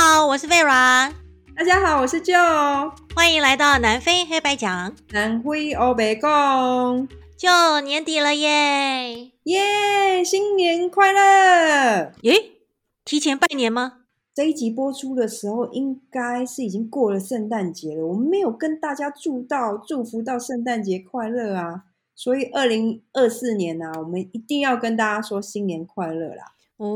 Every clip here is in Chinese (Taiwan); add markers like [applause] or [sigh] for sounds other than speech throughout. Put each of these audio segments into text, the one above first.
大家好，我是 Vera。大家好，我是 Gio。歡迎來到南非黑白講。南非歐北共。就年底了耶耶，yeah, 新年快樂！耶、欸！提前拜年嗎？這一集播出的時候應該是已經過了聖誕節了，我們沒有跟大家祝到祝福到聖誕節快樂啊。所以二零二四年啊，我們一定要跟大家說新年快樂啦。哦、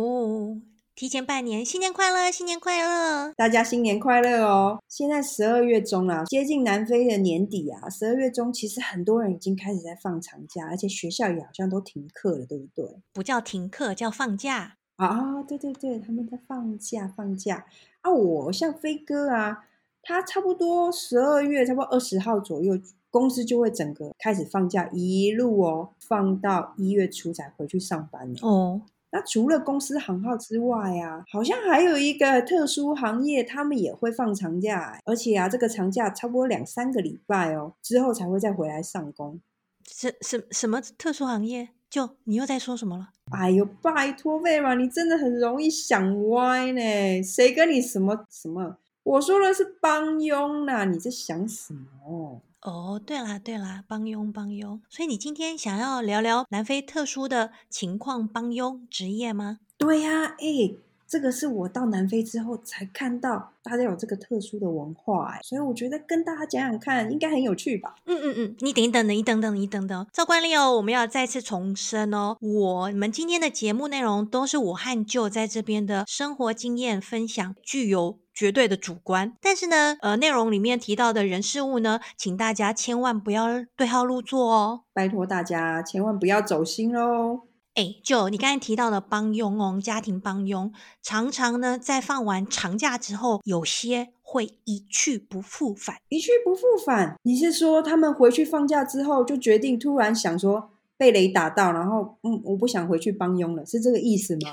嗯。提前拜年，新年快樂！新年快樂，大家新年快樂哦！現在十二月中啊，接近南非的年底啊。十二月中其實很多人已經開始在放長假，而且學校也好像都停課了，對不對？不叫停課，叫放假啊、哦！對對對，他們在放假，放假啊我！我像飛哥啊，他差不多十二月差不多二十號左右，公司就會整個開始放假，一路哦放到一月初才回去上班哦。那除了公司行號之外啊，好像還有一個特殊行業，他們也會放長假，而且啊，這個長假差不多兩三個禮拜哦，之後才會再回來上工。什什什麼特殊行業？就你又在說什麼了？哎呦，拜托費媽，你真的很容易想歪呢。誰跟你什麼什麼？我說的是幫傭吶、啊，你在想什麼？哦，對啦，對啦，幫傭幫傭，所以你今天想要聊聊南非特殊的情況，幫傭職業嗎？對呀，哎。這個是我到南非之後才看到，大家有這個特殊的文化欸，所以我覺得跟大家講講看，應該很有趣吧？嗯嗯嗯，你等一等，你等一等，你等一等，照慣例哦，我們要再次重申哦，我你們今天的節目內容都是我和 Gio 在這邊的生活經驗分享，具有絕對的主觀。但是呢，呃，內容裡面提到的人事物呢，請大家千萬不要對號入座哦，拜託大家千萬不要走心哦。哎、欸，就你剛才提到的幫傭哦，家庭幫傭常常呢，在放完長假之後，有些會一去不復返。一去不復返，你是說他們回去放假之後，就決定突然想說被雷打到，然後嗯，我不想回去幫傭了，是這個意思嗎？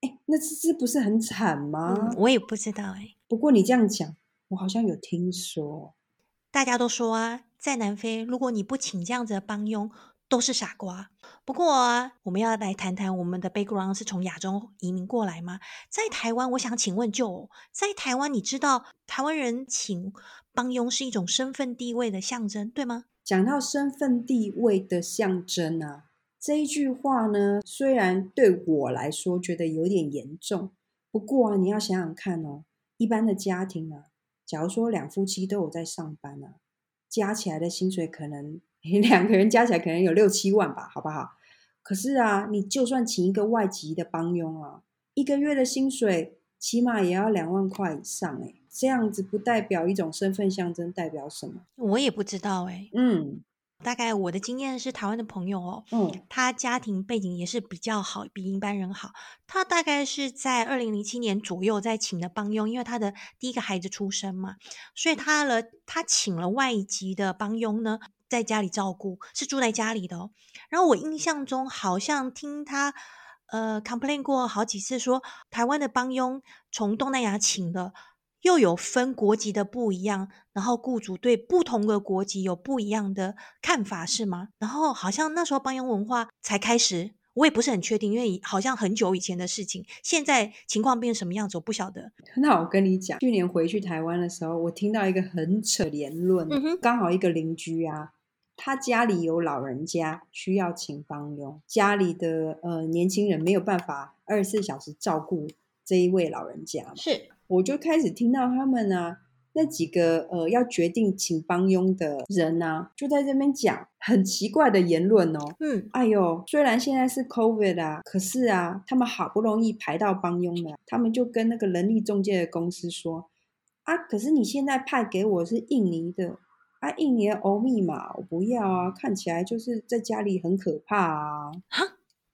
哎、 [laughs] 欸，那這這不是很慘嗎？嗯、我也不知道哎、欸，不過你這樣講，我好像有聽說，大家都說啊，在南非，如果你不請這樣子的幫傭。都是傻瓜。不過啊，我們要來談談我們的 background 是從亞洲移民過來嗎？在台灣，我想請問就，就在台灣，你知道台灣人請幫傭是一種身份地位的象徵，對嗎？講到身份地位的象徵啊，這一句話呢，雖然對我來說覺得有點嚴重，不過啊，你要想想看哦，一般的家庭啊，假如說兩夫妻都有在上班啊，加起來的薪水可能。你兩個人加起來可能有六七萬吧，好不好？可是啊，你就算請一個外籍的幫傭啊，一個月的薪水起碼也要兩萬塊以上欸。這樣子不代表一種身份象徵，代表什麼？我也不知道欸。嗯，大概我的經驗是，台灣的朋友哦，嗯，他家庭背景也是比較好，比一般人好。他大概是在二零零七年左右在請的幫傭，因為他的第一個孩子出生嘛，所以他了，他請了外籍的幫傭呢。在家裡照顧是住在家裡的哦，然後我印象中好像聽他呃 complain 過好幾次說，說台灣的幫傭從東南亞請的，又有分國籍的不一樣，然後雇主對不同的國籍有不一樣的看法，是嗎？然後好像那時候幫傭文化才開始，我也不是很確定，因為好像很久以前的事情，現在情況變成什麼樣子，我不曉得。那我跟你講，去年回去台灣的時候，我聽到一個很扯言論，嗯、剛好一個鄰居啊。他家裡有老人家需要請幫傭，家裡的呃年輕人沒有辦法二十四小時照顧這一位老人家嘛。是，我就開始聽到他們呢、啊，那幾個呃要決定請幫傭的人呢、啊，就在這邊講很奇怪的言論哦。嗯，哎呦，雖然現在是 COVID 啊，可是啊，他們好不容易排到幫傭了，他們就跟那個人力中介的公司說，啊，可是你現在派給我是印尼的。啊，一年歐密碼，我不要啊！看起來就是在家裡很可怕啊！哈，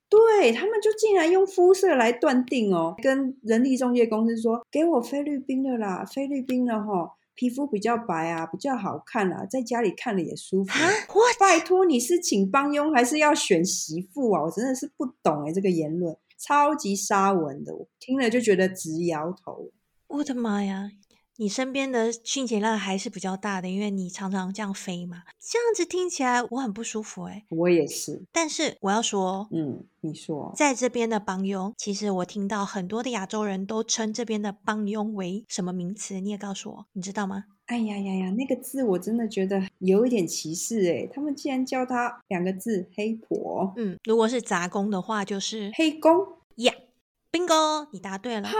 對，他們就竟然用膚色來斷定哦，跟人力仲介公司說，給我菲律賓的啦，菲律賓的哈，皮膚比較白啊，比較好看啊，在家裡看了也舒服啊！What? 拜託你是請幫傭還是要選媳婦啊？我真的是不懂哎、欸，這個言論超級沙文的，我聽了就覺得直搖頭。我的媽呀！你身邊的清潔量還是比較大的，因為你常常這樣飛嘛。這樣子聽起來我很不舒服誒、欸，我也是。但是我要說，嗯，你說，在這邊的幫傭，其實我聽到很多的亞洲人都稱這邊的幫傭為什麼名詞？你也告訴我，你知道嗎？哎呀呀呀，那個字我真的覺得有一點歧視誒、欸。他們竟然叫他兩個字黑婆。嗯，如果是雜工的話，就是黑工。呀，Bingo，你答對了。哈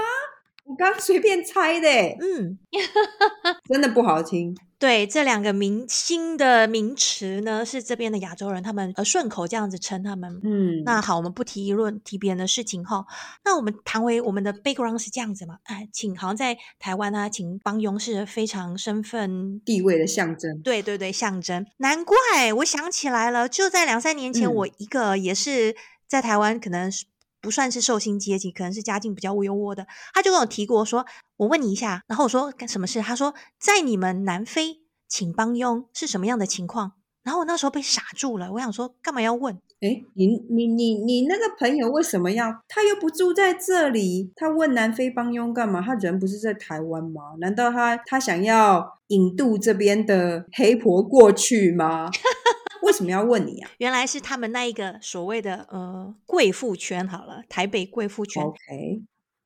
我剛隨便猜的、欸，哎，嗯， [laughs] 真的不好聽。對，這兩個明星的名詞呢，是這邊的亞洲人他們呃順口這樣子稱他們。嗯，那好，我們不提議論，提別人的事情哈。那我們談回我們的 background 是這樣子嘛？哎，請，好像在台灣啊，請幫傭是非常身份地位的象徵對。對對對，象徵。難怪我想起來了，就在兩三年前，嗯、我一個也是在台灣，可能是。不算是受薪階級，可能是家境比較優渥的。他就跟我提過，我說：“我問你一下。”然後我說：“什麼事？”他說：“在你們南非請幫傭是什麼樣的情況？”然後我那時候被傻住了。我想說：“幹嘛要問？哎、欸，你你你你那個朋友為什麼要？他又不住在這裡，他問南非幫傭幹嘛？他人不是在台灣嗎？難道他他想要引渡這邊的黑婆過去嗎？” [laughs] 為什麼要問你啊？原來是他們那一個所謂的呃貴婦圈好了，台北貴婦圈。Okay.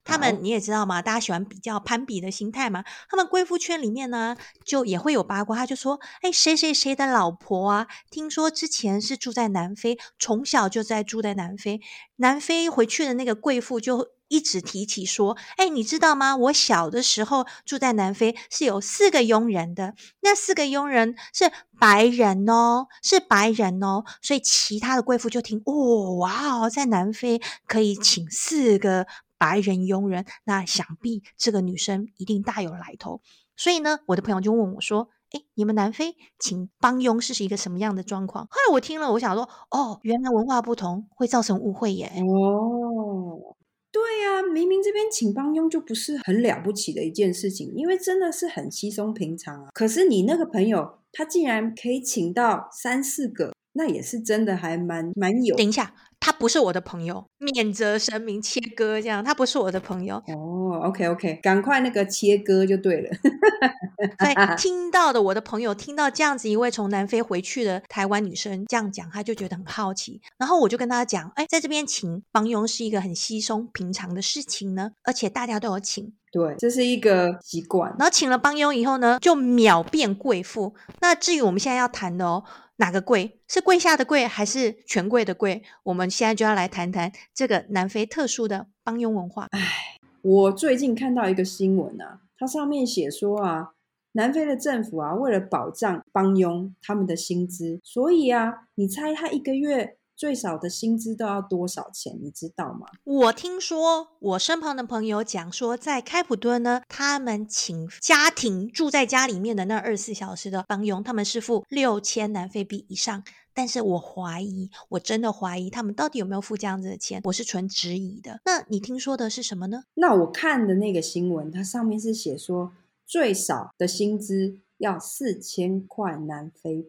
他們你也知道嗎？大家喜歡比較攀比的心態嘛。他們貴婦圈裡面呢，就也會有八卦。他就說：“欸，誰誰誰的老婆啊？聽說之前是住在南非，從小就在住在南非。南非回去的那個貴婦就一直提起說：‘欸，你知道嗎？我小的時候住在南非是有四個傭人的，那四個傭人是白人哦，是白人哦。’所以其他的貴婦就聽：‘哦哇哦，在南非可以請四個。’白人傭人，那想必這個女生一定大有來頭。所以呢，我的朋友就問我說：“哎，你們南非請幫傭是一個什麼樣的狀況？”後來我聽了，我想說：“哦，原來文化不同會造成誤會耶。”哦，對呀、啊，明明這邊請幫傭就不是很了不起的一件事情，因為真的是很稀鬆平常啊。可是你那個朋友他竟然可以請到三四個，那也是真的還蠻蠻有。等一下。他不是我的朋友，免責聲明切割這樣，他不是我的朋友。哦、oh，OK OK，趕快那個切割就對了。 [laughs] 對，聽到的我的朋友聽到這樣子一位從南非回去的台灣女生這樣講，他就覺得很好奇。然後我就跟他講，哎，在這邊請幫傭是一個很稀鬆平常的事情呢，而且大家都有請。對，這是一個習慣。然後請了幫傭以後呢，就秒變貴婦。那至於我們現在要談的哦，哪個貴？是跪下的跪，還是權貴的貴？我們現在就要來談談這個南非特殊的幫傭文化。唉，我最近看到一個新聞啊，它上面寫說啊，南非的政府啊，為了保障幫傭他們的薪資，所以啊，你猜他一個月？最少的薪資都要多少錢？你知道嗎？我聽說我身旁的朋友講說，在開普敦呢，他們請家庭住在家裡面的那二十四小時的幫傭，他們是付六千南非幣以上。但是我懷疑，我真的懷疑他們到底有沒有付這樣子的錢？我是純質疑的。那你聽說的是什麼呢？那我看的那個新聞，它上面是寫說最少的薪資要四千塊南非幣。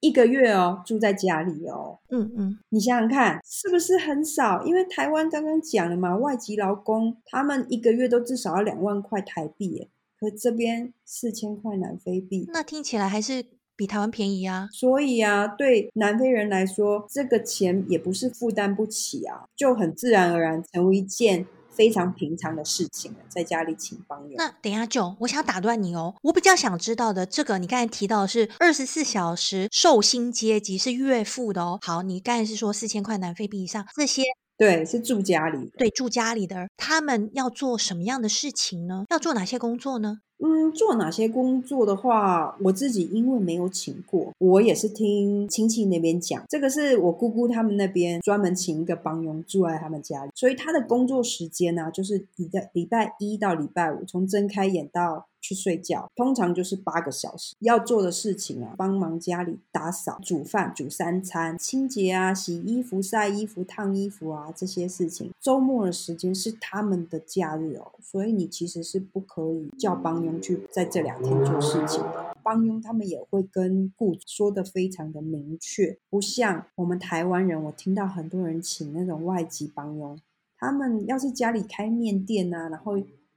一個月哦，住在家裡哦，嗯嗯，你想想看，是不是很少？因為台灣剛剛講了嘛，外籍勞工他們一個月都至少要兩萬塊台幣，可這邊四千塊南非幣，那聽起來還是比台灣便宜啊。所以啊，對南非人來說，這個錢也不是負擔不起啊，就很自然而然成為一件。非常平常的事情，在家裡請幫傭。那等一下，Gio，我想打斷你哦。我比較想知道的，這個你剛才提到的是二十四小時受薪階級，是月付的哦。好，你剛才是說四千塊南非幣以上這些，對，是住家裡，對，住家裡的，他們要做什麼樣的事情呢？要做哪些工作呢？嗯，做哪些工作的話，我自己因為沒有請過，我也是聽親戚那邊講，這個是我姑姑他們那邊專門請一個幫傭住在他們家裡，所以他的工作時間呢、啊，就是禮拜一到禮拜五，從睜開眼到。去睡覺，通常就是八個小時。要做的事情啊，幫忙家裡打掃、煮飯、煮三餐、清潔啊、洗衣服曬、曬衣服、燙衣服啊，這些事情。周末的時間是他們的假日哦，所以你其實是不可以叫幫傭去在這兩天做事情的。幫傭他們也會跟雇主說的非常的明確，不像我們台灣人，我聽到很多人請那種外籍幫傭，他們要是家裡開麵店啊，然後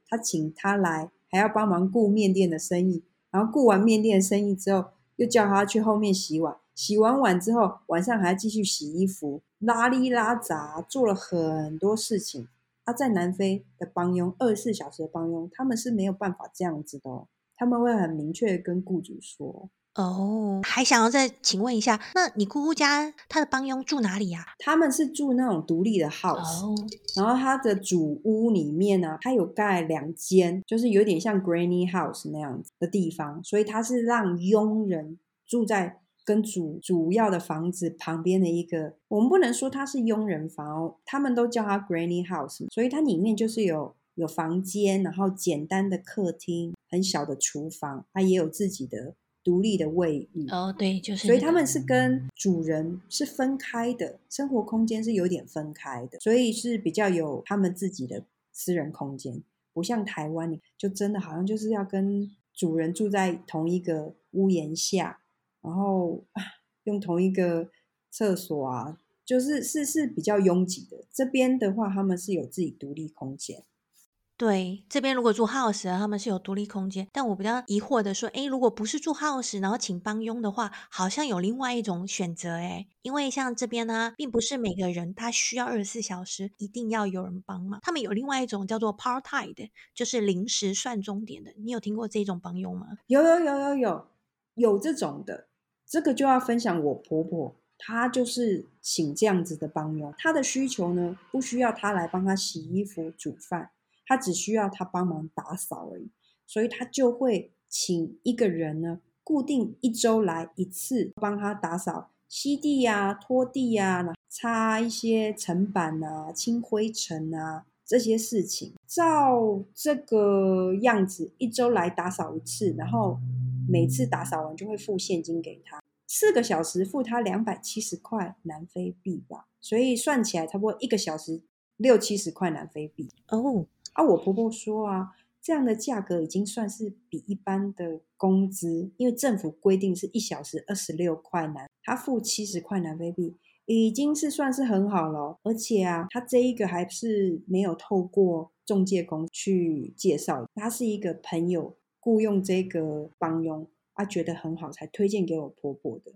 他請他來。還要幫忙顧麵店的生意，然後顧完麵店的生意之後，又叫他去後面洗碗，洗完碗之後，晚上還繼續洗衣服，拉里拉雜，做了很多事情。他、啊、在南非的幫傭，二十四小時的幫傭，他們是沒有辦法這樣子的哦，他們會很明確跟雇主說。哦，還想要再請問一下，那你姑姑家他的幫傭住哪裡呀？他們是住那種獨立的 house，oh，然後他的主屋裡面呢，他有蓋兩間，就是有點像 granny house 那樣子的地方，所以他是讓傭人住在跟主主要的房子旁邊的一個。我們不能說他是傭人房哦，他們都叫他 granny house，所以它裡面就是有有房間，然後簡單的客廳，很小的廚房，他也有自己的。獨立的衛浴哦，對，就是，所以他們是跟主人是分開的，生活空間是有點分開的，所以是比較有他們自己的私人空間，不像台灣，就真的好像就是要跟主人住在同一個屋檐下，然後用同一個廁所啊，就是是是比較擁擠的。這邊的話，他們是有自己獨立空間。對，這邊如果住 house，他們是有獨立空間。但我比較疑惑的說誒，如果不是住 house，然後請幫傭的話，好像有另外一種選擇哎。因為像這邊呢，並不是每個人他需要二十四小時一定要有人幫忙，他們有另外一種叫做 part time 的，就是臨時算鐘點的。你有聽過這種幫傭嗎？有有有有有有這種的，這個就要分享我婆婆，她就是請這樣子的幫傭，她的需求呢，不需要她來幫她洗衣服、煮飯。他只需要他幫忙打掃而已，所以他就會請一個人呢，固定一周來一次幫他打掃，吸地呀、啊、拖地呀、啊，擦一些層板吶、啊、清灰塵啊這些事情，照這個樣子一周來打掃一次，然後每次打掃完就會付現金給他，四個小時付他兩百七十塊南非幣吧，所以算起來差不多一個小時六七十塊南非幣哦。Oh. 啊，我婆婆說啊，這樣的價格已經算是比一般的工資，因為政府規定是一小時二十六塊呢，他付七十塊呢，baby 已經是算是很好了，哦。而且啊，他這一個還是沒有透過中介工去介紹的，他是一個朋友雇傭這個幫傭，他，啊、覺得很好才推薦給我婆婆的。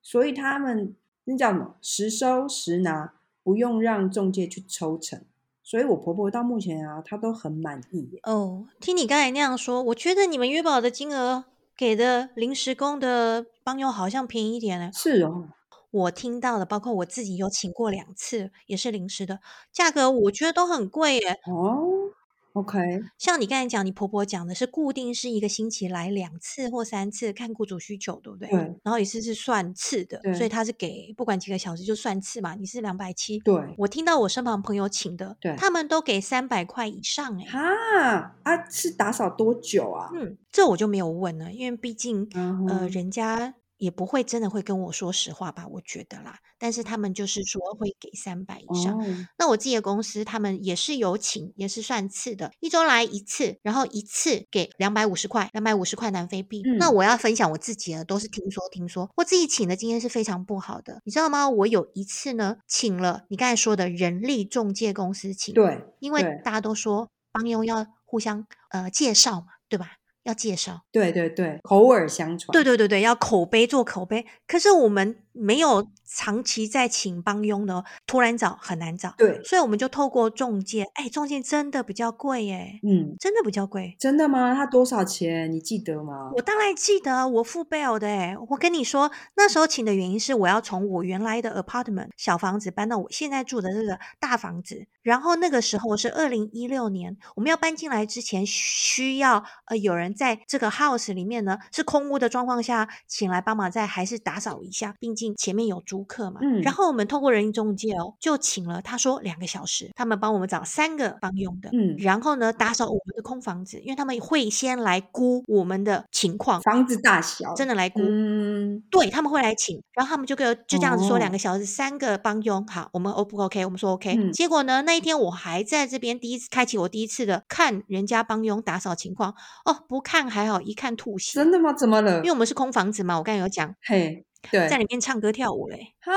所以他們那叫什麼實收實拿，不用讓中介去抽成。所以，我婆婆到目前啊，她都很滿意。哦、oh，聽你剛才那樣說，我覺得你們約保的金額給的臨時工的幫傭好像便宜一點呢。是哦，我聽到的，包括我自己有請過兩次，也是臨時的，價格我覺得都很貴耶。哦、oh？OK，像你剛才講，你婆婆講的是固定是一個星期來兩次或三次，看僱主需求，對不對？對。然後也是是算次的，對，所以他是給不管幾個小時就算次嘛。你是兩百七，對。我聽到我身旁朋友請的，對，他們都給三百塊以上、欸，哎。啊，是打掃多久啊？嗯，這我就沒有問了，因為畢竟、嗯、呃，人家。也不會真的會跟我說實話吧？我覺得啦。但是他們就是說會給三百以上。哦。那我自己的公司，他們也是有請，也是算次的，一周來一次，然後一次給兩百五十塊，兩百五十塊南非幣。嗯。那我要分享我自己了，都是聽說聽說。我自己請的經驗是非常不好的，你知道嗎？我有一次呢，請了你剛才說的人力中介公司請，對，因為大家都說幫傭要互相呃介紹嘛，對吧？要介紹，對對對，口耳相傳，對對對對，要口碑做口碑。可是我們。沒有長期在請幫傭的，突然找很難找。對，所以我們就透過仲介。哎，仲介真的比較貴耶、欸。嗯，真的比較貴。真的嗎？他多少錢？你記得嗎？我當然記得，我付 bill 的、欸。哎，我跟你說，那時候請的原因是我要從我原來的 apartment 小房子搬到我現在住的這個大房子。然後那個時候我是2016年，我們要搬進來之前需要呃有人在這個 house 裡面呢是空屋的狀況下請來幫忙在還是打掃一下，畢竟。前面有租客嘛，嗯，然後我們透過人力中介哦，就請了他說兩個小時，他們幫我們找三個幫傭的，嗯，然後呢打掃我們的空房子，因為他們會先來估我們的情況，房子大小真的來估，嗯，對他們會來請，然後他們就跟就這樣子說兩個小時，哦、三個幫傭，好，我們 O 不 O K，我們說 OK，嗯，結果呢那一天我還在這邊第一次開啟我第一次的看人家幫傭打掃情況，哦，不看還好，一看吐血，真的嗎？怎麼了？因為我們是空房子嘛，我剛才有講，嘿。對，在裡面唱歌跳舞嘞，欸，哈，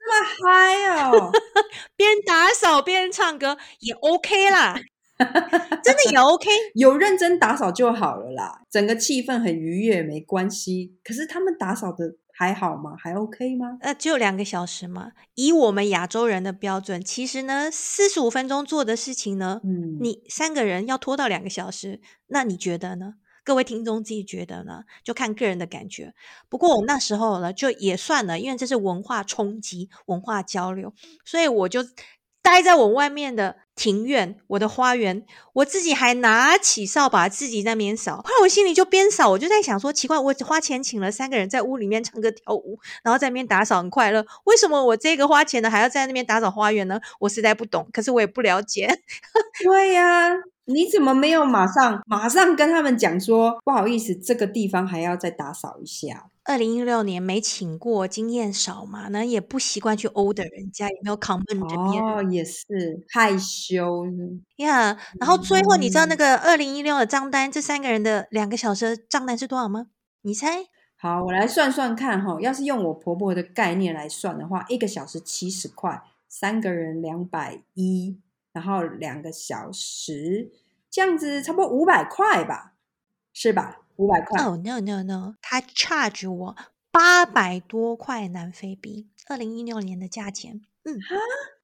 這麼嗨哦！邊 [laughs] 打掃邊唱歌也 OK 啦， [laughs] 真的也 OK， [laughs] 有認真打掃就好了啦。整個氣氛很愉悅，沒關係。可是他們打掃的還好嗎？還 OK 嗎？呃，只有兩個小時嘛。以我們亞洲人的標準，其實呢，四十五分鐘做的事情呢，嗯，你三個人要拖到兩個小時，那你覺得呢？各位聽眾自己覺得呢？就看個人的感覺。不過我那時候呢，就也算了，因為這是文化衝擊、文化交流，所以我就。待在我外面的庭院，我的花園，我自己還拿起掃把自己在那邊掃。後來我心裡就邊掃，我就在想說，奇怪，我花錢請了三個人在屋裡面唱歌跳舞，然後在那邊打掃很快樂，為什麼我這個花錢的還要在那邊打掃花園呢？我實在不懂，可是我也不了解。 [laughs] 對呀，你怎麼沒有馬上馬上跟他們講說，不好意思，這個地方還要再打掃一下？二零一六年沒請過，經驗少嘛，那也不習慣去 order 人家，也沒有 common 這邊。哦，也是害羞。呀、yeah，然後最後你知道那個二零一六的賬單，這三個人的兩個小時的賬單是多少嗎？你猜？好，我來算算看哈、哦。要是用我婆婆的概念來算的話，一個小時七十塊，三個人兩百一，然後兩個小時這樣子，差不多五百塊吧，是吧？五百塊？哦，oh，no no no，他 charge 我八百多塊南非幣，二零一六年的價錢。嗯，啊，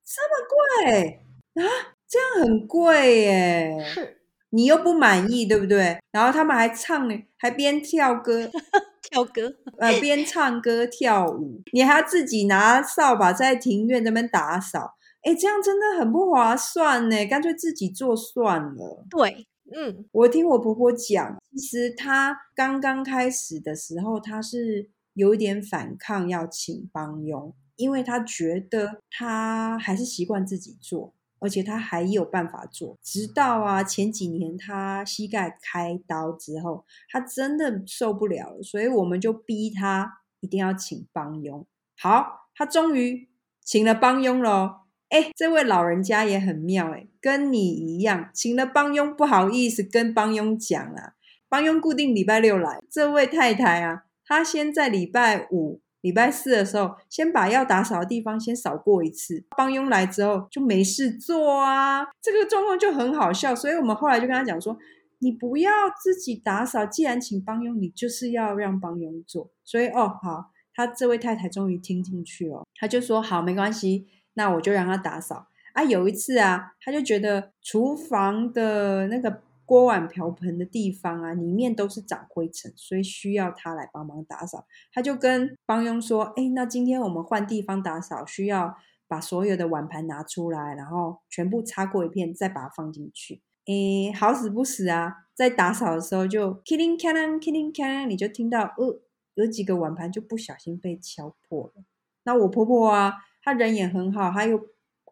這麼貴啊？這樣很貴耶。是，你又不滿意，對不對？然後他們還唱呢，還邊跳歌， [laughs] 跳歌，呃，邊唱歌跳舞。 [laughs] 你還要自己拿掃把在庭院在那邊打掃，哎，這樣真的很不划算呢。乾脆自己做算了。對。嗯，我聽我婆婆講，其實她剛剛開始的時候，她是有點反抗要請幫傭，因為她覺得她還是習慣自己做，而且她還有辦法做。直到啊前幾年她膝蓋開刀之後，她真的受不了了，所以我們就逼她一定要請幫傭。好，她終於請了幫傭咯。哎，這位老人家也很妙哎。跟你一樣，請了幫傭，不好意思跟幫傭講啊。幫傭固定禮拜六來。這位太太啊，她先在禮拜五、禮拜四的時候，先把要打掃的地方先掃過一次。幫傭來之後就沒事做啊，這個狀況就很好笑。所以我們後來就跟他講說，你不要自己打掃，既然請幫傭，你就是要讓幫傭做。所以哦，好，他這位太太終於聽進去了，他就說好，沒關係，那我就讓他打掃。啊，有一次啊，他就覺得廚房的那個鍋碗瓢盆的地方啊，裡面都是長灰塵，所以需要他來幫忙打掃。他就跟幫傭說：“哎，那今天我們換地方打掃，需要把所有的碗盤拿出來，然後全部擦過一遍，再把它放進去。”哎，好死不死啊，在打掃的時候就 “killing canning killing canning”，你就聽到呃、哦、有幾個碗盤就不小心被敲破了。那我婆婆啊，她人也很好，她又……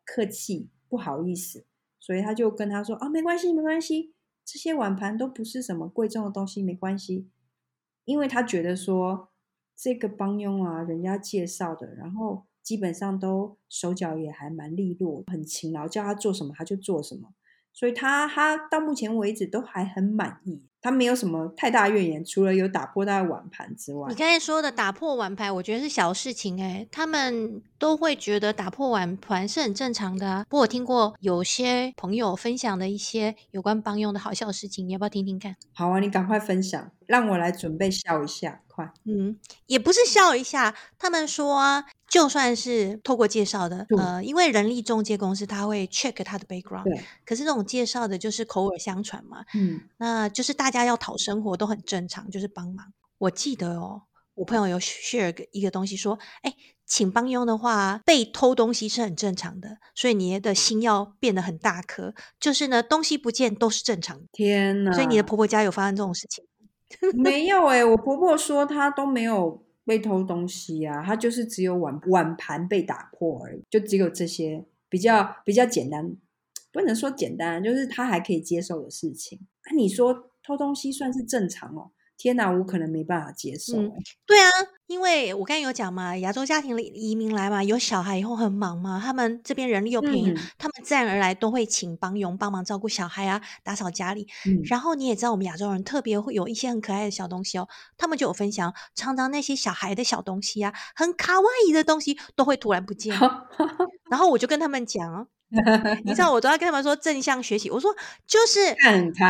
客氣，不好意思，所以他就跟他說啊，沒關係，沒關係，這些碗盤都不是什麼貴重的東西，沒關係。因為他覺得說這個幫傭啊，人家介紹的，然後基本上都手腳也還蠻利落，很勤勞，叫他做什麼他就做什麼，所以他他到目前為止都還很滿意。他沒有什麼太大怨言，除了有打破他的碗盤之外。你剛才說的打破碗盤，我覺得是小事情哎、欸，他們都會覺得打破碗盤是很正常的啊。不過我聽過有些朋友分享的一些有關幫傭的好笑的事情，你要不要聽聽看？好啊，你趕快分享，讓我來準備笑一下，快。嗯，也不是笑一下，他們說就算是透過介紹的，嗯、呃，因為人力中介公司他會 check 他的 background，對。可是這種介紹的就是口耳相傳嘛，嗯，那就是大。家要討生活都很正常，就是幫忙。我記得哦，我朋友有 share 一個東西說，哎，請幫傭的話，被偷東西是很正常的，所以你的心要變得很大顆。就是呢，東西不見都是正常的。天哪！所以你的婆婆家有發生這種事情？沒有哎、欸，我婆婆說她都沒有被偷東西啊，她就是只有碗碗盤被打破而已，就只有這些比較比較簡單，不能說簡單，就是她還可以接受的事情。那、啊、你說？偷東西算是正常哦。天哪，我可能沒辦法接受、欸嗯。對啊，因為我剛才有講嘛，亞洲家庭移民來嘛，有小孩以後很忙嘛，他們這邊人力又便宜，嗯、他們自然而然都會請幫傭幫忙照顧小孩啊，打掃家裡、嗯。然後你也知道，我們亞洲人特別會有一些很可愛的小東西哦，他們就有分享，常常那些小孩的小東西啊，很卡哇伊的東西都會突然不見。 [laughs] 然後我就跟他們講。 [laughs] 你知道我都要跟他們說正向學習，我說就是，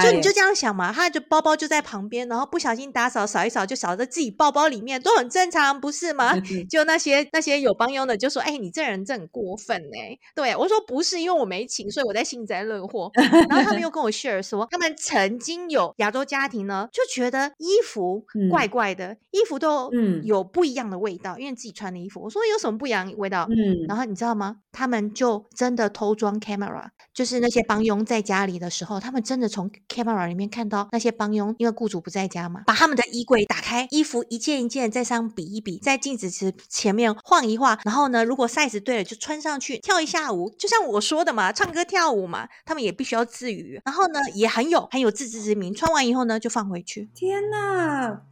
就你就這樣想嘛，他就包包就在旁邊，然後不小心打掃掃一掃就掃在自己包包裡面，都很正常，不是嗎？ [laughs] 就那些那些有幫傭的就說，哎、欸，你這人這很過分哎、欸。對我說不是，因為我沒請，所以我在幸災樂禍。 [laughs] 然後他們又跟我 share 說，他們曾經有亞洲家庭呢，就覺得衣服怪怪的，嗯、衣服都嗯有不一樣的味道、嗯，因為自己穿的衣服。嗯、我說有什麼不一樣的味道？嗯，然後你知道嗎？他們就真的偷。裝 camera，就是那些幫傭在家裡的時候，他們真的從 camera 裡面看到那些幫傭，因為雇主不在家嘛，把他們的衣櫃打開，衣服一件一件在上比一比，在鏡子前前面晃一晃，然後呢，如果 size 對了，就穿上去跳一下舞，就像我說的嘛，唱歌跳舞嘛，他們也必須要自娛，然後呢，也很有很有自知之明，穿完以後呢就放回去。天哪！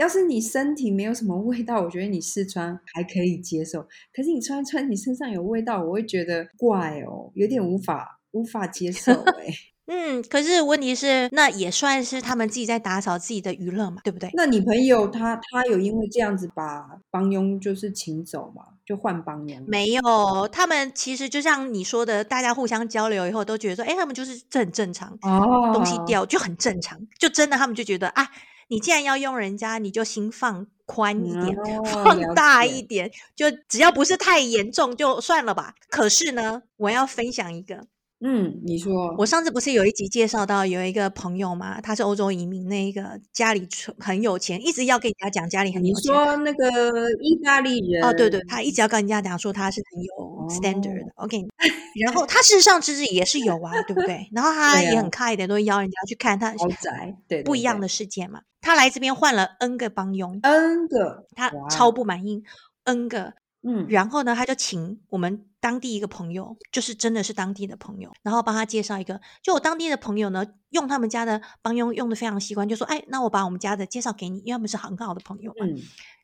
要是你身體沒有什麼味道，我覺得你試穿還可以接受。可是你穿穿你身上有味道，我會覺得怪哦，有點無法無法接受、欸、 [laughs] 嗯，可是問題是，那也算是他們自己在打掃自己的娛樂嘛，對不對？那你朋友他他有因為這樣子把幫傭就是請走嘛？就換幫傭？沒有，他們其實就像你說的，大家互相交流以後都覺得說，誒、哎、他們就是這很正常哦，東西掉就很正常，就真的他們就覺得啊。你既然要用人家，你就心放寬一點，哦，放大一點，就只要不是太嚴重就算了吧。可是呢，我要分享一個。嗯，你說我上次不是有一集介紹到有一個朋友嗎？他是歐洲移民，那一個家裡很有錢，一直要跟人家講家裡很有錢。你說那個意大利人哦，對對，他一直要跟人家講說他是很有 standard 的，OK。哦 okay. 然後 [laughs] 他事實上其實也是有啊，對不對？ [laughs] 然後他也很 kind， [laughs] 啊、都會邀人家去看他豪宅，對，不一樣的世界嘛 [laughs] 對對對。他來這邊換了 N 個幫傭，N 個他超不滿意，N 個。嗯，然後呢，他就請我們當地一個朋友，就是真的是當地的朋友，然後幫他介紹一個。就我當地的朋友呢，用他們家的幫傭用的非常習慣，就說：“哎，那我把我們家的介紹給你，因為他們是很好的朋友嘛。嗯”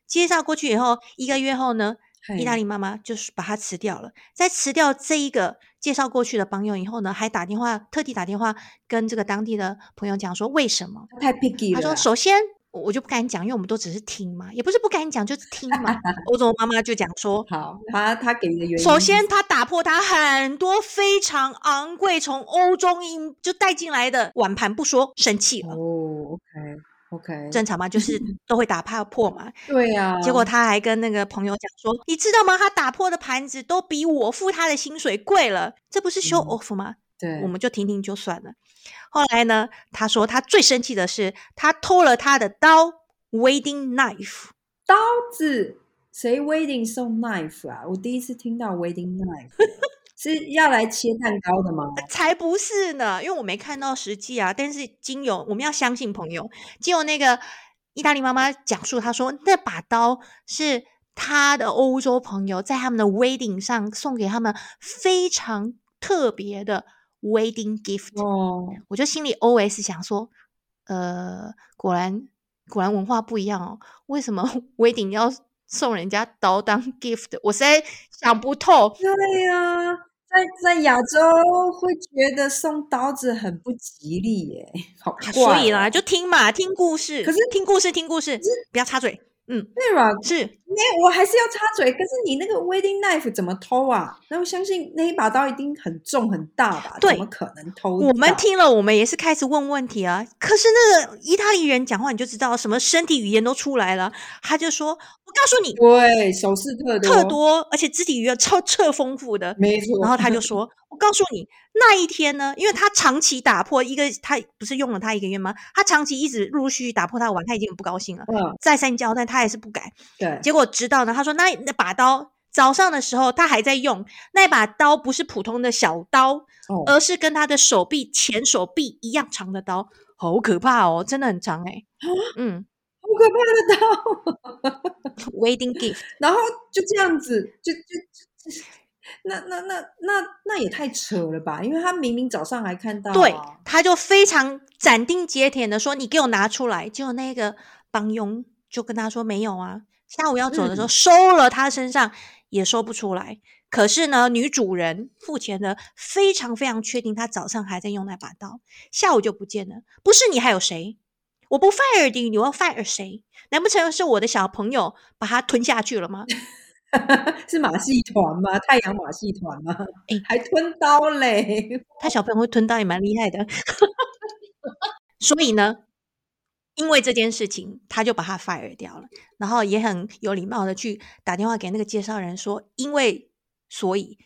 介紹過去以後，一個月後呢，意大利媽媽就是把他辭掉了。在辭掉這一個介紹過去的幫傭以後呢，還打電話特地打電話跟這個當地的朋友講說：“為什麼太 picky 了？”他說：“首先。”我就不敢講，因為我們都只是聽嘛，也不是不敢講，就是聽嘛。歐 [laughs] 洲媽媽就講說，好，她她給你的原因，首先她打破她很多非常昂貴從歐洲英就帶進來的碗盤，不說生氣了。哦、oh，OK OK，正常嘛，就是都會打破破嘛。 [laughs] 對啊。結果他還跟那個朋友講說，你知道嗎？他打破的盤子都比我付他的薪水貴了，這不是 show off 嗎？嗯對，我們就聽聽就算了。後來呢，他說他最生氣的是他偷了他的刀 wedding knife 刀子，誰 wedding 送、so，knife 啊？我第一次聽到 wedding knife [laughs] 是要來切蛋糕的嗎？才不是呢，因為我沒看到實際啊。但是 Gio 我們要相信朋友。Gio 那個意大利媽媽講述她，他說那把刀是他的歐洲朋友在他們的 wedding 上送給他們非常特別的。Wedding gift 哦，oh. 我就心裡 OS 想說，呃，果然果然文化不一樣哦，為什麼 Wedding 要送人家刀當 gift？我實在想不透。對呀、啊，在在亞洲會覺得送刀子很不吉利耶好、哦，所以啦，就聽嘛，聽故事，可是聽故事，聽故事，不要插嘴。嗯，那軟是那我還是要插嘴，可是你那個 wedding knife 怎麼偷啊？那我相信那一把刀一定很重很大吧？對，怎麼可能偷？我們聽了，我們也是開始問問題啊。可是那個意大利人講話，你就知道什麼身體語言都出來了。他就說：“我告訴你，對，手勢特多，特多，而且肢體語言超超豐富的，沒錯。”然後他就說。 [laughs] 我告訴你，那一天呢，因為他長期打破一個，他不是用了他一個月嗎？他長期一直陸陸續續打破他的碗，他已經很不高興了。嗯、再三交代，但他也是不改。對。結果，直到呢，他說：“那那把刀，早上的時候他還在用，那把刀不是普通的小刀，哦、而是跟他的手臂前手臂一樣長的刀，好可怕哦！真的很長哎。嗯，好可怕的刀。 [laughs] [laughs] Wedding gift。然後就這樣子，就就就。就就那那那那那也太扯了吧！因為他明明早上還看到、啊，對，他就非常斬釘截鐵的說：“你給我拿出來。”結果那個幫傭就跟他說：“沒有啊。”下午要走的時候收了他身上、嗯、也收不出來。可是呢，女主人付錢的非常非常確定，她早上還在用那把刀，下午就不見了。不是你還有誰？我不 fire 你，我要 fire 誰？難不成是我的小朋友把他吞下去了嗎？ [laughs] [laughs] 是馬戲團嗎？太陽馬戲團嗎、欸？還吞刀嘞！他小朋友會吞刀也蠻厲害的。 [laughs] [laughs] 所以呢，因為這件事情，他就把他 fire 掉了，然後也很有禮貌的去打電話給那個介紹人說，因為所以，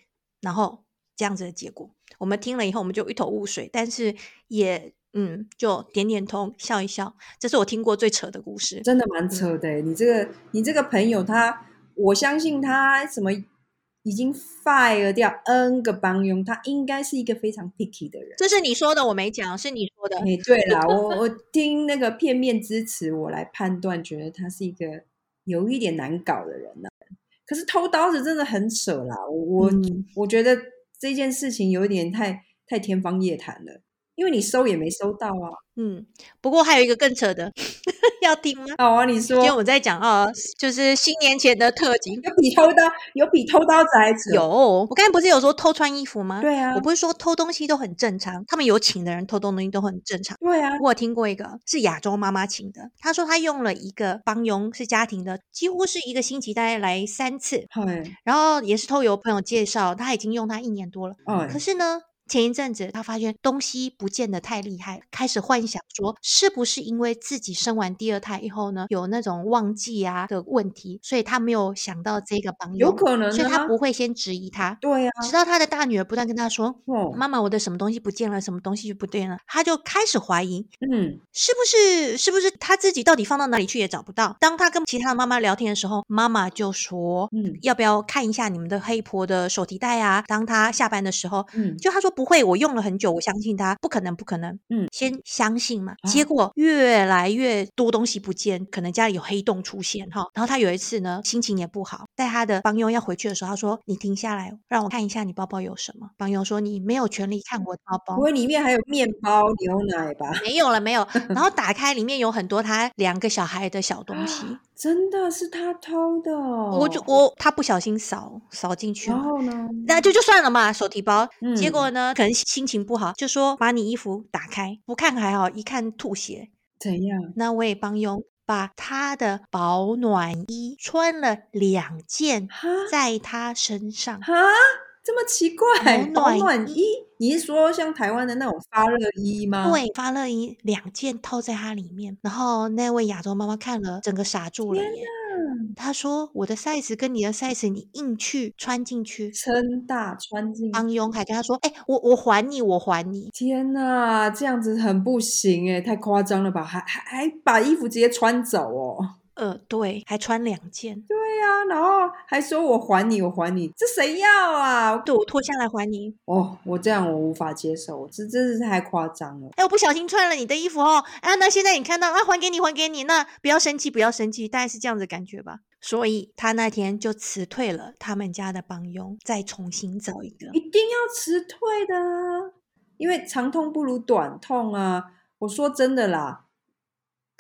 然後這樣子的結果，我們聽了以後，我們就一頭霧水，但是也嗯，就點點頭，笑一笑。這是我聽過最扯的故事，真的蠻扯的、欸。你這個你這個朋友他。我相信他什麼已經 fire 掉 N 個幫傭，他應該是一個非常 picky 的人。這是你說的，我沒講，是你說的。哎、欸，對啦， [laughs] 我我聽那個片面之詞我來判斷，覺得他是一個有一點難搞的人了。可是偷刀子真的很扯啦，我我、嗯、我覺得這件事情有一點太太天方夜譚了。因為你收也沒收到啊，嗯，不過還有一個更扯的， [laughs] 要聽嗎？好、哦、啊，你說，因為我在講啊，就是新年前的特輯有比偷刀有比偷刀子還有，我剛才不是有說偷穿衣服嗎？對啊，我不是說偷東西都很正常，他們有請的人偷東東西都很正常，對啊。我聽過一個是亞洲媽媽請的，她說她用了一個幫傭是家庭的，幾乎是一個星期大概來三次，然後也是透過朋友介紹，他已經用他一年多了，嗯，可是呢。前一陣子，他發現東西不見得太厲害，開始幻想說是不是因為自己生完第二胎以後呢，有那種忘記啊的問題，所以他沒有想到這個幫傭，有可能啊，所以他不會先質疑他。對啊，直到他的大女兒不斷跟他說：“哦，媽媽，我的什麼東西不見了，什麼東西就不對了。”他就開始懷疑，嗯，是不是是不是他自己到底放到哪裡去也找不到？當他跟其他的媽媽聊天的時候，媽媽就說：“嗯，要不要看一下你們的黑婆的手提袋啊？”當他下班的時候，嗯，就他說。不會，我用了很久，我相信他不可能，不可能。嗯，先相信嘛。啊？結果越來越多東西不見，可能家裡有黑洞出現哈。然後他有一次呢，心情也不好，在他的幫傭要回去的時候，他說：“你停下來，讓我看一下你包包有什麼。”幫傭說：“你沒有權利看我包包。”因為裡面還有麵包、牛奶吧？沒有了，沒有。然後打開裡面有很多他兩個小孩的小東西。 [laughs] 真的是他偷的。哦，我就我他不小心掃掃進去，然後呢，那就就算了嘛。手提包，嗯，結果呢，可能心情不好，就說把你衣服打開，不看還好，一看吐血。怎樣？那我也幫傭把他的保暖衣穿了兩件，在他身上。哈哈這麼奇怪，暖暖衣，你是說像台灣的那種發熱衣嗎？對，發熱衣兩件套在它裡面，然後那位亞洲媽媽看了，整個傻住了。天呀、啊！她說我的 size 跟你的 size，你硬去穿進去，撐大穿進去。方勇還跟她說，誒、欸，我我還你，我還你。天哪、啊，這樣子很不行誒，太誇張了吧？還還還把衣服直接穿走哦。呃，對，還穿兩件，對呀、啊，然後還說我還你，我還你，這誰要啊？對，我脫下來還你。哦，我這樣我無法接受，我這真是太誇張了。哎、欸，我不小心穿了你的衣服哦。啊，那現在你看到啊，還給你，還給你，那不要生氣，不要生氣，大概是這樣子的感覺吧。所以他那天就辭退了他們家的幫傭，再重新找一個，一定要辭退的，因為長痛不如短痛啊。我說真的啦。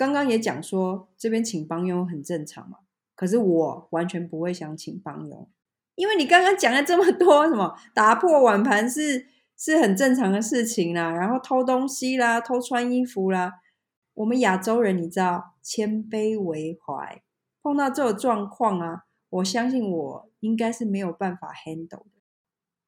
剛剛也講說，這邊請幫傭很正常嘛。可是我完全不會想請幫傭，因為你剛剛講了這麼多，什麼打破碗盤是是很正常的事情啦，然後偷東西啦，偷穿衣服啦。我們亞洲人你知道謙卑為懷，碰到這種狀況啊，我相信我應該是沒有辦法 handle 的。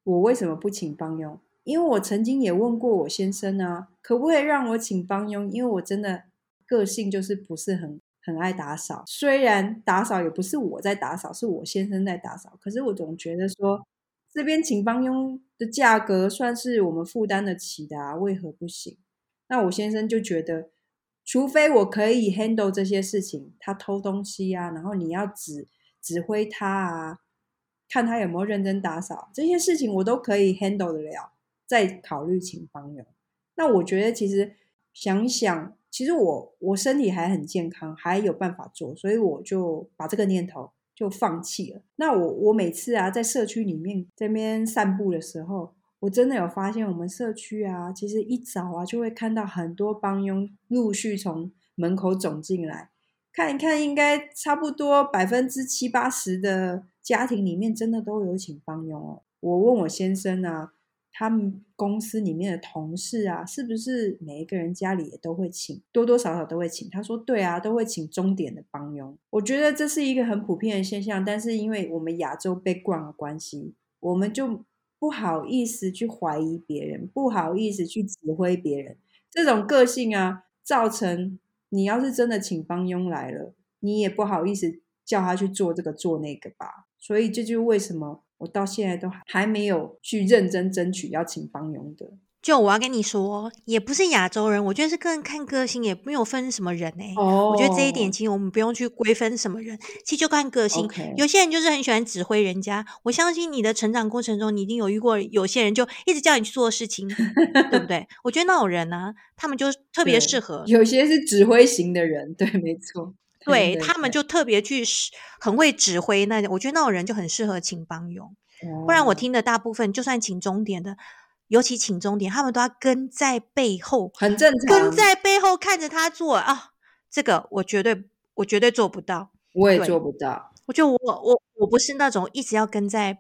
我為什麼不請幫傭？因為我曾經也問過我先生啊，可不可以讓我請幫傭？因為我真的。個性就是不是很很愛打掃，雖然打掃也不是我在打掃，是我先生在打掃，可是我總覺得說，這邊請幫傭的價格算是我們負擔得起的啊，為何不行？那我先生就覺得，除非我可以 handle 這些事情，他偷東西啊，然後你要指指揮他啊，看他有沒有認真打掃這些事情，我都可以 handle 得了，再考慮請幫傭。那我覺得其實想一想。其實我我身體還很健康，還有辦法做，所以我就把這個念頭就放棄了。那我我每次啊在社區裡面這邊散步的時候，我真的有發現，我們社區啊，其實一早啊就會看到很多幫傭陸續從門口走進來，看一看，應該差不多百分之七八十的家庭裡面真的都有請幫傭哦。我問我先生啊。他們公司裡面的同事啊，是不是每一個人家裡也都會請，多多少少都會請？他說：“對啊，都會請鐘點的幫傭。”我覺得這是一個很普遍的現象，但是因為我們亞洲被慣了關係，我們就不好意思去懷疑別人，不好意思去指揮別人。這種個性啊，造成你要是真的請幫傭來了，你也不好意思叫他去做這個做那個吧。所以這就是為什麼。我到現在都還沒有去認真爭取要請幫傭的。就我要跟你說，也不是亞洲人，我覺得是個人看個性，也沒有分什麼人哎、欸。Oh. 我覺得這一點其實我們不用去歸分什麼人，其實就看個性。Okay. 有些人就是很喜歡指揮人家。我相信你的成長過程中，你一定有遇過有些人就一直叫你去做事情， [laughs] 對不對？我覺得那種人呢、啊，他們就特別適合。有些是指揮型的人，對，沒錯。對、嗯、對，他們就特別去很會指揮那，那我覺得那種人就很適合請幫傭、哦。不然我聽的大部分，就算請鐘點的，尤其請鐘點，他們都要跟在背後，很正常，跟在背後看着他做啊。這個我絕對我絕對，我絕對做不到，我也做不到。我就我我我不是那種一直要跟在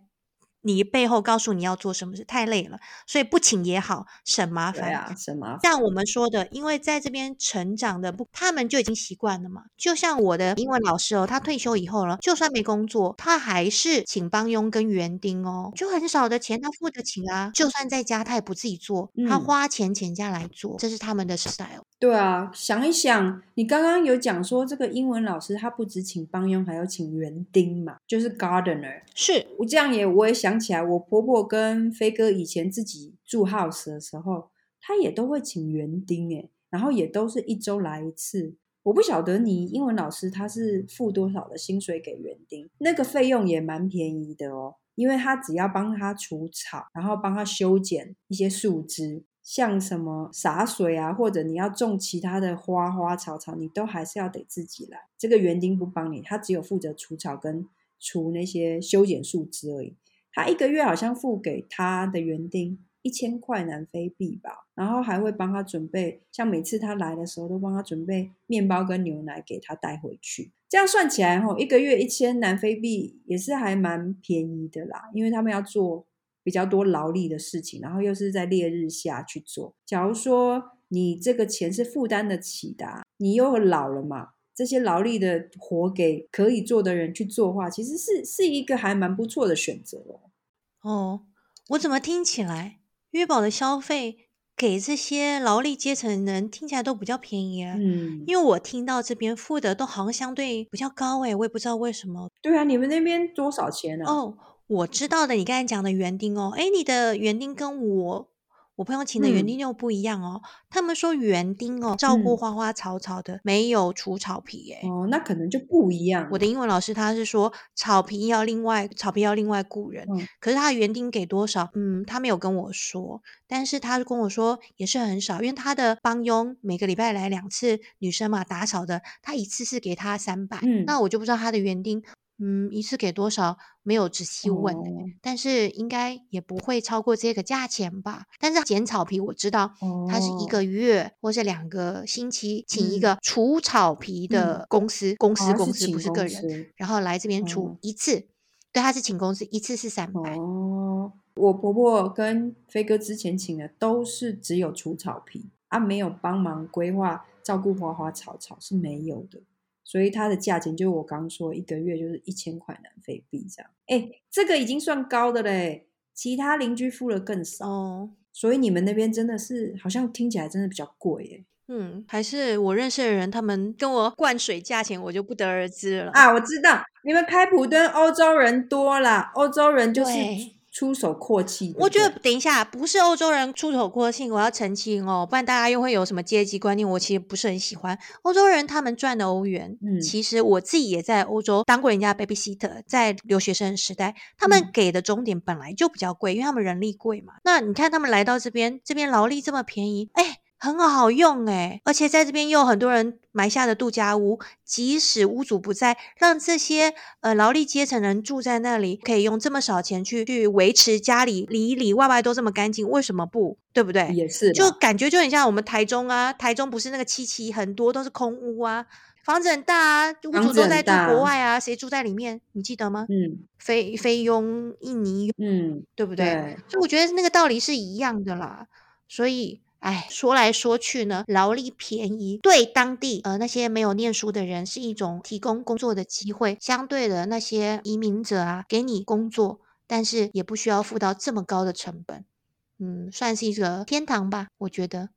你背後告訴你要做什麼事，太累了，所以不請也好，省麻煩啊。對啊，省麻煩。像我們說的，因為在這邊成長的不，他們就已經習慣了嘛。就像我的英文老師哦，他退休以後了，就算沒工作，他還是請幫傭跟園丁哦，就很少的錢，他付得起啊。就算在家，他也不自己做，他花錢請家來做，嗯，這是他們的 style。對啊，想一想，你剛剛有講說這個英文老師，他不止請幫佣，還要請園丁嘛，就是 gardener。是我這樣也，我也想。起來，我婆婆跟飛哥以前自己住 house 的時候，他也都會請園丁哎，然後也都是一週來一次。我不曉得你英文老師他是付多少的薪水給園丁，那個費用也蠻便宜的哦，因為他只要幫他除草，然後幫他修剪一些樹枝，像什麼灑水啊，或者你要種其他的花花草草，你都還是要得自己來。這個園丁不幫你，他只有負責除草跟除那些修剪樹枝而已。他一個月好像付給他的園丁一千塊南非幣吧，然後還會幫他準備，像每次他來的時候都幫他準備麵包跟牛奶給他帶回去。這樣算起來，吼，一個月一千南非幣也是還蠻便宜的啦，因為他們要做比較多勞力的事情，然後又是在烈日下去做。假如說你這個錢是負擔得起的啊，你又老了嘛？這些勞力的活給可以做的人去做的話，其實是是一個還蠻不錯的選擇的哦，哦。我怎麼聽起來約堡的消費給這些勞力階層的人聽起來都比較便宜啊？嗯，因為我聽到這邊付的都好像相對比較高哎、欸，我也不知道為什麼。對啊，你們那邊多少錢呢、啊？哦，我知道的，你剛才講的園丁哦，哎，你的園丁跟我。我朋友請的園丁又不一樣哦，嗯、他們說園丁哦，照顧花花草草的，嗯、沒有除草皮哎、欸。哦，那可能就不一樣。我的英文老師他是說草皮要另外，草皮要另外雇人，嗯，可是他的園丁給多少？嗯，他沒有跟我說，但是他跟我說也是很少，因為他的幫傭每個禮拜來兩次，女生嘛，打掃的，他一次是給他三百，嗯，那我就不知道他的園丁。嗯，一次給多少沒有仔細問、欸哦，但是應該也不會超過這個價錢吧。但是剪草皮我知道、哦，它是一個月或是兩個星期請一個除草皮的公司，嗯、公司、嗯、公司不、啊、是個人，然後來這邊除一次。嗯、對，他是請公司一次是三百。哦，我婆婆跟飛哥之前請的都是只有除草皮，啊，沒有幫忙規劃照顧花花草草是沒有的。所以它的價錢就是我剛剛說，一個月就是一千塊南非幣這樣，哎、欸，這個已經算高的嘞，其他鄰居付了更少。哦，所以你們那邊真的是好像聽起來真的比較貴耶。嗯，還是我認識的人，他們跟我灌水價錢，我就不得而知了啊。我知道你們開普敦歐洲人多啦，歐洲人就是。出手闊氣對對，我覺得等一下，不是歐洲人出手闊氣，我要澄清哦，不然大家又會有什麼階級觀念？我其實不是很喜歡歐洲人，他們賺的歐元，嗯，其實我自己也在歐洲當過人家 babysitter，在留學生時代，他們給的鐘點本來就比較貴，嗯，因為他們人力貴嘛。那你看他們來到這邊，這邊勞力這麼便宜，誒、哎很好用哎、欸，而且在這邊又有很多人買下的度假屋，即使屋主不在，讓這些呃勞力階層人住在那裡，可以用這麼少錢去去維持家裡裡裡外外都這麼乾淨，為什麼不？對不對？也是，就感覺就很像我們台中啊，台中不是那個七期很多都是空屋啊，房子很大啊，屋主都在國外啊，誰住在裡面？你記得嗎？嗯，菲菲傭、印尼傭，嗯，對不對，對？就我覺得那個道理是一樣的啦，所以。哎，說來說去呢，勞力便宜，對當地呃那些沒有念書的人是一種提供工作的機會。相對的，那些移民者啊，給你工作，但是也不需要付到這麼高的成本。嗯，算是一個天堂吧，我覺得。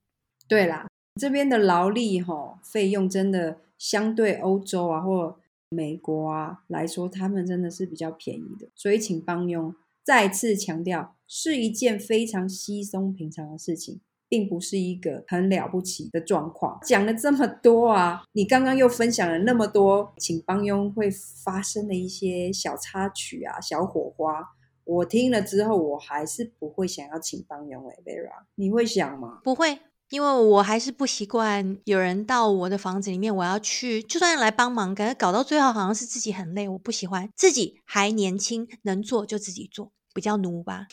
對啦，這邊的勞力吼、哦、費用真的相對歐洲啊或美國啊來說，他們真的是比較便宜的。所以，請幫傭再次強調，是一件非常稀鬆平常的事情。並不是一個很了不起的狀況。講了這麼多啊，你剛剛又分享了那麼多請幫傭會發生的一些小插曲啊、小火花，我聽了之後，我還是不會想要請幫傭誒、欸，Vera，你會想嗎？不會，因為我還是不習慣有人到我的房子裡面，我要去，就算要來幫忙，感覺搞到最後好像是自己很累，我不喜歡。自己還年輕，能做就自己做。比較奴吧，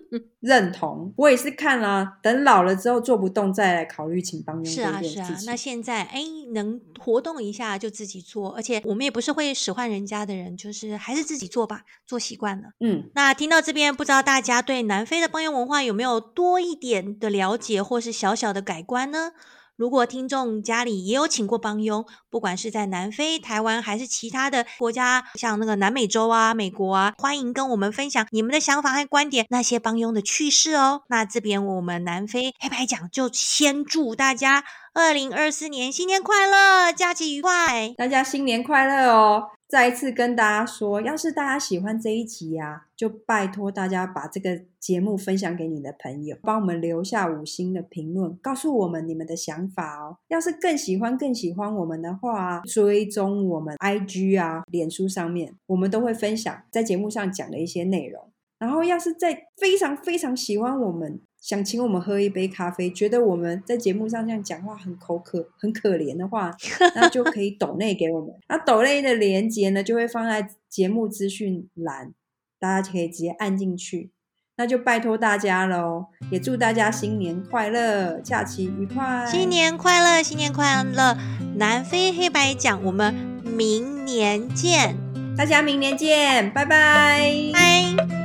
[laughs] 認同。我也是看啊，等老了之後做不動，再來考慮請幫傭。是啊，是啊。那現在哎，能活動一下就自己做，而且我們也不是會使喚人家的人，就是還是自己做吧，做習慣了。嗯，那聽到這邊，不知道大家對南非的幫傭文化有沒有多一點的了解，或是小小的改觀呢？如果聽眾家裡也有請過幫傭，不管是在南非、台灣還是其他的國家，像那個南美洲啊、美國啊，歡迎跟我們分享你們的想法和觀點，那些幫傭的趣事哦。那這邊我們南非黑白講就先祝大家二零二四年新年快樂，假期愉快，大家新年快樂哦。再一次跟大家說，要是大家喜歡這一集啊，就拜托大家把這個節目分享給你的朋友，幫我們留下五星的評論，告訴我們你們的想法哦。要是更喜歡、更喜歡我們的話，追蹤我們 IG 啊、臉書上面，我們都會分享在節目上講的一些內容。然後要是再非常非常喜歡我們，想請我們喝一杯咖啡，覺得我們在節目上這樣講話很口渴、很可憐的話，那就可以抖內給我們。那抖內的連接呢，就會放在節目資訊欄，大家可以直接按進去。那就拜托大家嘍，也祝大家新年快樂，假期愉快。新年快樂，新年快樂！南非黑白講，我們明年見，大家明年見，拜拜。拜。